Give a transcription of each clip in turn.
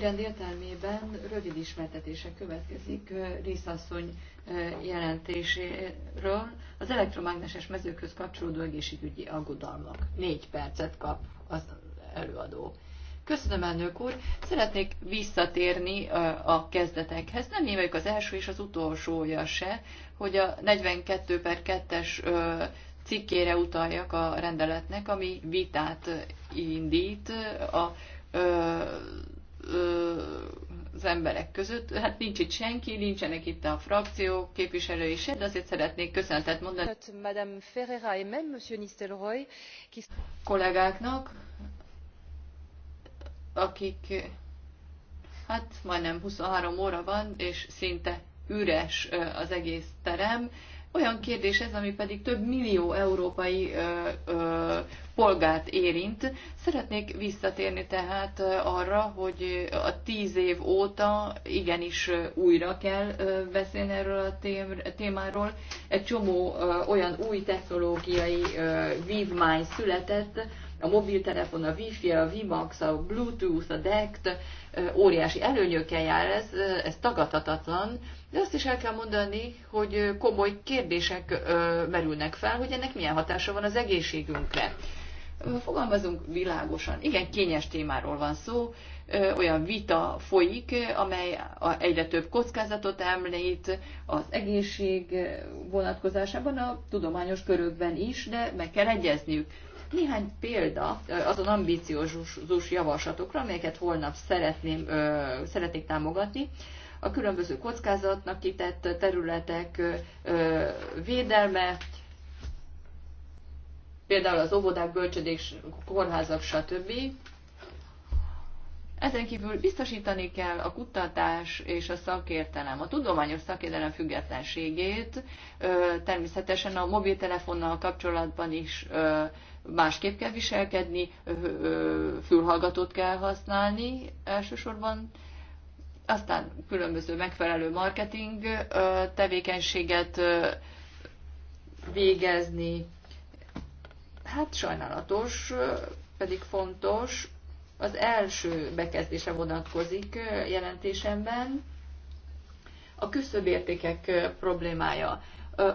rend értelmében rövid ismertetése következik részasszony jelentéséről az elektromágneses mezőkhöz kapcsolódó egészségügyi aggodalmak. Négy percet kap az előadó. Köszönöm, elnök úr. Szeretnék visszatérni a kezdetekhez. Nem én vagyok az első és az utolsója se, hogy a 42 per 2-es cikkére utaljak a rendeletnek, ami vitát indít a az emberek között. Hát nincs itt senki, nincsenek itt a frakció képviselői se, de azért szeretnék köszönetet mondani Madame Ferreira et même Monsieur Nistelrooy qui... kollégáknak, akik hát majdnem 23 óra van, és szinte üres az egész terem. Olyan kérdés ez, ami pedig több millió európai ö, ö, polgárt érint. Szeretnék visszatérni tehát arra, hogy a tíz év óta igenis újra kell beszélni erről a témáról. Egy csomó olyan új technológiai vívmány született, a mobiltelefon, a Wi-Fi, a Vimax, a Bluetooth, a DECT, óriási előnyökkel jár ez, ez tagadhatatlan, de azt is el kell mondani, hogy komoly kérdések merülnek fel, hogy ennek milyen hatása van az egészségünkre. Fogalmazunk világosan, igen, kényes témáról van szó, olyan vita folyik, amely egyre több kockázatot említ az egészség vonatkozásában, a tudományos körökben is, de meg kell egyezniük. Néhány példa azon ambíciózus javaslatokra, amelyeket holnap szeretném, szeretnék támogatni. A különböző kockázatnak kitett területek védelme, például az óvodák, bölcsödék, kórházak, stb. Ezen kívül biztosítani kell a kutatás és a szakértelem, a tudományos szakértelem függetlenségét, természetesen a mobiltelefonnal kapcsolatban is másképp kell viselkedni, fülhallgatót kell használni elsősorban, aztán különböző megfelelő marketing tevékenységet végezni. Hát sajnálatos, pedig fontos, az első bekezdése vonatkozik jelentésemben, a küszöbértékek problémája.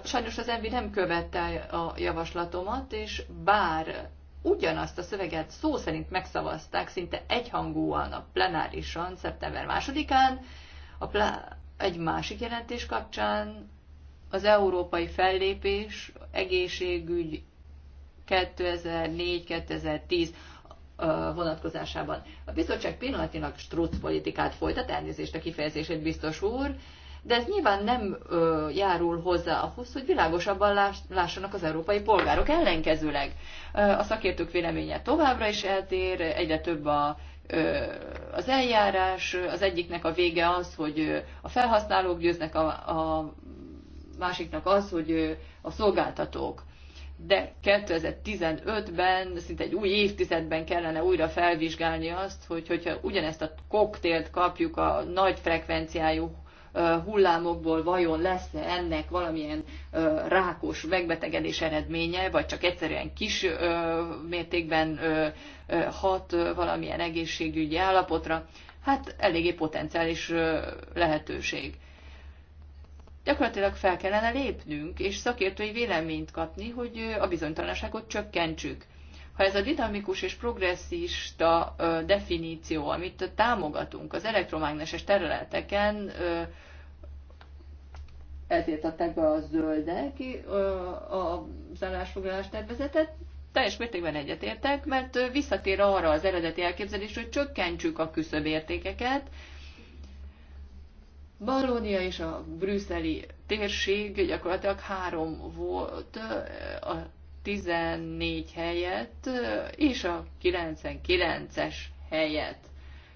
Sajnos az Envi nem követte a javaslatomat, és bár ugyanazt a szöveget szó szerint megszavazták szinte egyhangúan a plenárisan szeptember másodikán, a plá- egy másik jelentés kapcsán az európai fellépés, egészségügy 2004-2010 vonatkozásában. A bizottság pillanatilag struc politikát folytat, elnézést a kifejezését biztos úr, de ez nyilván nem ö, járul hozzá ahhoz, hogy világosabban láss, lássanak az európai polgárok. Ellenkezőleg a szakértők véleménye továbbra is eltér, egyre több a, ö, az eljárás, az egyiknek a vége az, hogy a felhasználók győznek, a, a másiknak az, hogy a szolgáltatók de 2015-ben, szinte egy új évtizedben kellene újra felvizsgálni azt, hogy, hogyha ugyanezt a koktélt kapjuk a nagy frekvenciájú hullámokból, vajon lesz-e ennek valamilyen rákos megbetegedés eredménye, vagy csak egyszerűen kis mértékben hat valamilyen egészségügyi állapotra, hát eléggé potenciális lehetőség gyakorlatilag fel kellene lépnünk, és szakértői véleményt kapni, hogy a bizonytalanságot csökkentsük. Ha ez a dinamikus és progresszista definíció, amit támogatunk az elektromágneses területeken, ezért adták be a zöldek a zárásfoglalás tervezetet, teljes mértékben egyetértek, mert visszatér arra az eredeti elképzelés, hogy csökkentsük a küszöbértékeket, Ballónia és a brüsszeli térség gyakorlatilag három volt a 14 helyett, és a 99-es helyet.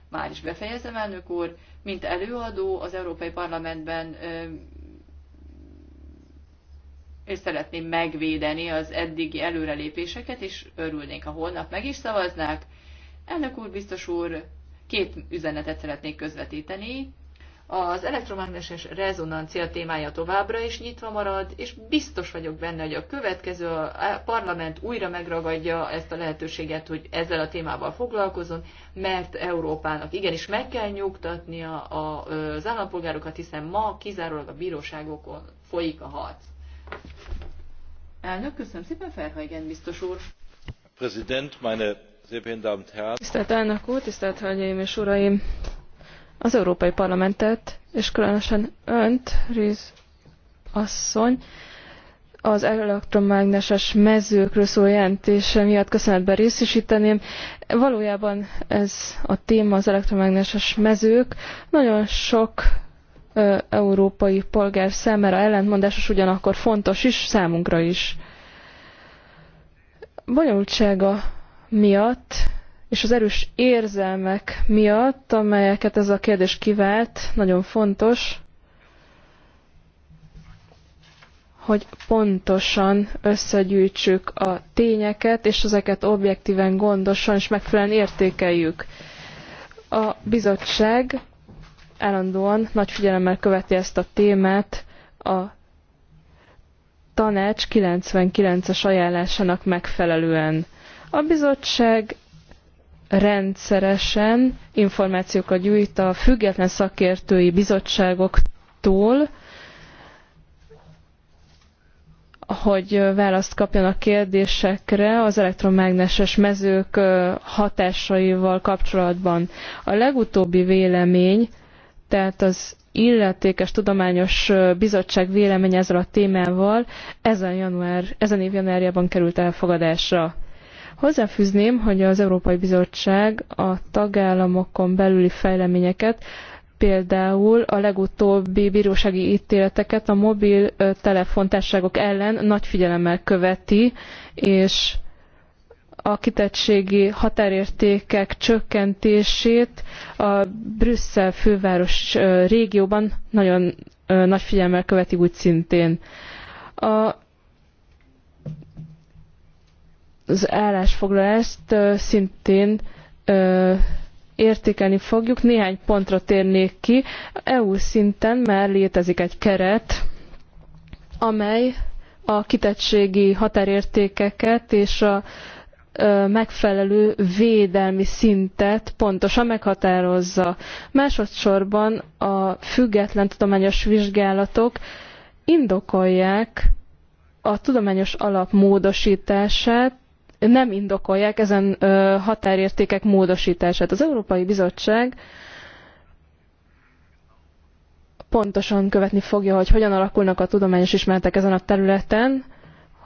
Már is befejezem, elnök úr, mint előadó az Európai Parlamentben és szeretném megvédeni az eddigi előrelépéseket, és örülnék, ha holnap meg is szavaznák. Elnök úr, biztos úr, két üzenetet szeretnék közvetíteni az elektromágneses rezonancia témája továbbra is nyitva marad, és biztos vagyok benne, hogy a következő a parlament újra megragadja ezt a lehetőséget, hogy ezzel a témával foglalkozon, mert Európának igenis meg kell nyugtatnia az állampolgárokat, hiszen ma kizárólag a bíróságokon folyik a harc. Elnök, köszönöm szépen, Ferhajgen biztos úr. President, meine sehr verehrten Damen und Herren. Tisztelt elnök úr, tisztelt hölgyeim és uraim! az Európai Parlamentet, és különösen önt, Riz asszony, az elektromágneses mezőkről szóló jelentése miatt köszönetben részesíteném. Valójában ez a téma az elektromágneses mezők. Nagyon sok ö, európai polgár számára ellentmondásos, ugyanakkor fontos is számunkra is. Bonyolultsága miatt és az erős érzelmek miatt, amelyeket ez a kérdés kivált, nagyon fontos, hogy pontosan összegyűjtsük a tényeket, és ezeket objektíven, gondosan és megfelelően értékeljük. A bizottság állandóan nagy figyelemmel követi ezt a témát a tanács 99-es ajánlásának megfelelően. A bizottság rendszeresen információkat gyűjt a független szakértői bizottságoktól, hogy választ kapjon a kérdésekre az elektromágneses mezők hatásaival kapcsolatban. A legutóbbi vélemény, tehát az illetékes tudományos bizottság véleménye ezzel a témával ezen, január, ezen év januárjában került elfogadásra. Hozzáfűzném, hogy az Európai Bizottság a tagállamokon belüli fejleményeket például a legutóbbi bírósági ítéleteket a mobil telefontárságok ellen nagy figyelemmel követi, és a kitettségi határértékek csökkentését a Brüsszel főváros régióban nagyon nagy figyelemmel követi úgy szintén. A az állásfoglalást szintén értékelni fogjuk. Néhány pontra térnék ki. EU szinten már létezik egy keret, amely a kitettségi határértékeket és a megfelelő védelmi szintet pontosan meghatározza. Másodszorban a független tudományos vizsgálatok indokolják a tudományos alap módosítását, nem indokolják ezen határértékek módosítását. Az Európai Bizottság pontosan követni fogja, hogy hogyan alakulnak a tudományos ismeretek ezen a területen,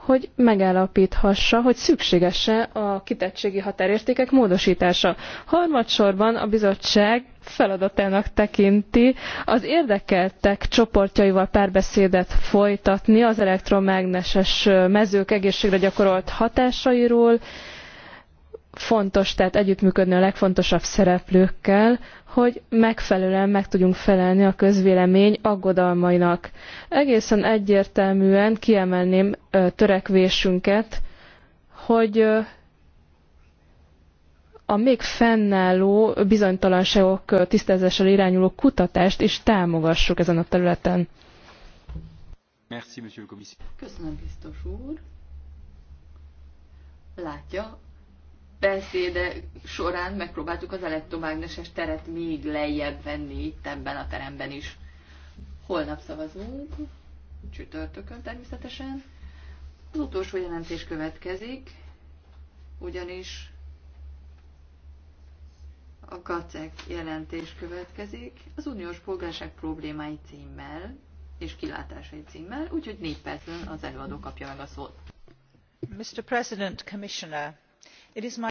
hogy megállapíthassa, hogy szükséges-e a kitettségi határértékek módosítása. Harmadsorban a bizottság feladatának tekinti az érdekeltek csoportjaival párbeszédet folytatni az elektromágneses mezők egészségre gyakorolt hatásairól. Fontos tehát együttműködni a legfontosabb szereplőkkel, hogy megfelelően meg tudjunk felelni a közvélemény aggodalmainak. Egészen egyértelműen kiemelném törekvésünket, hogy a még fennálló bizonytalanságok tisztázására irányuló kutatást is támogassuk ezen a területen. Merci, monsieur le Köszönöm, biztos úr. Látja, beszéde során megpróbáltuk az elektromágneses teret még lejjebb venni itt ebben a teremben is. Holnap szavazunk, csütörtökön természetesen. Az utolsó jelentés következik, ugyanis a GACEK jelentés következik, az uniós polgárság problémái címmel és kilátásai címmel, úgyhogy négy percben az előadó kapja meg a szót. Mr. President, Commissioner, it is my...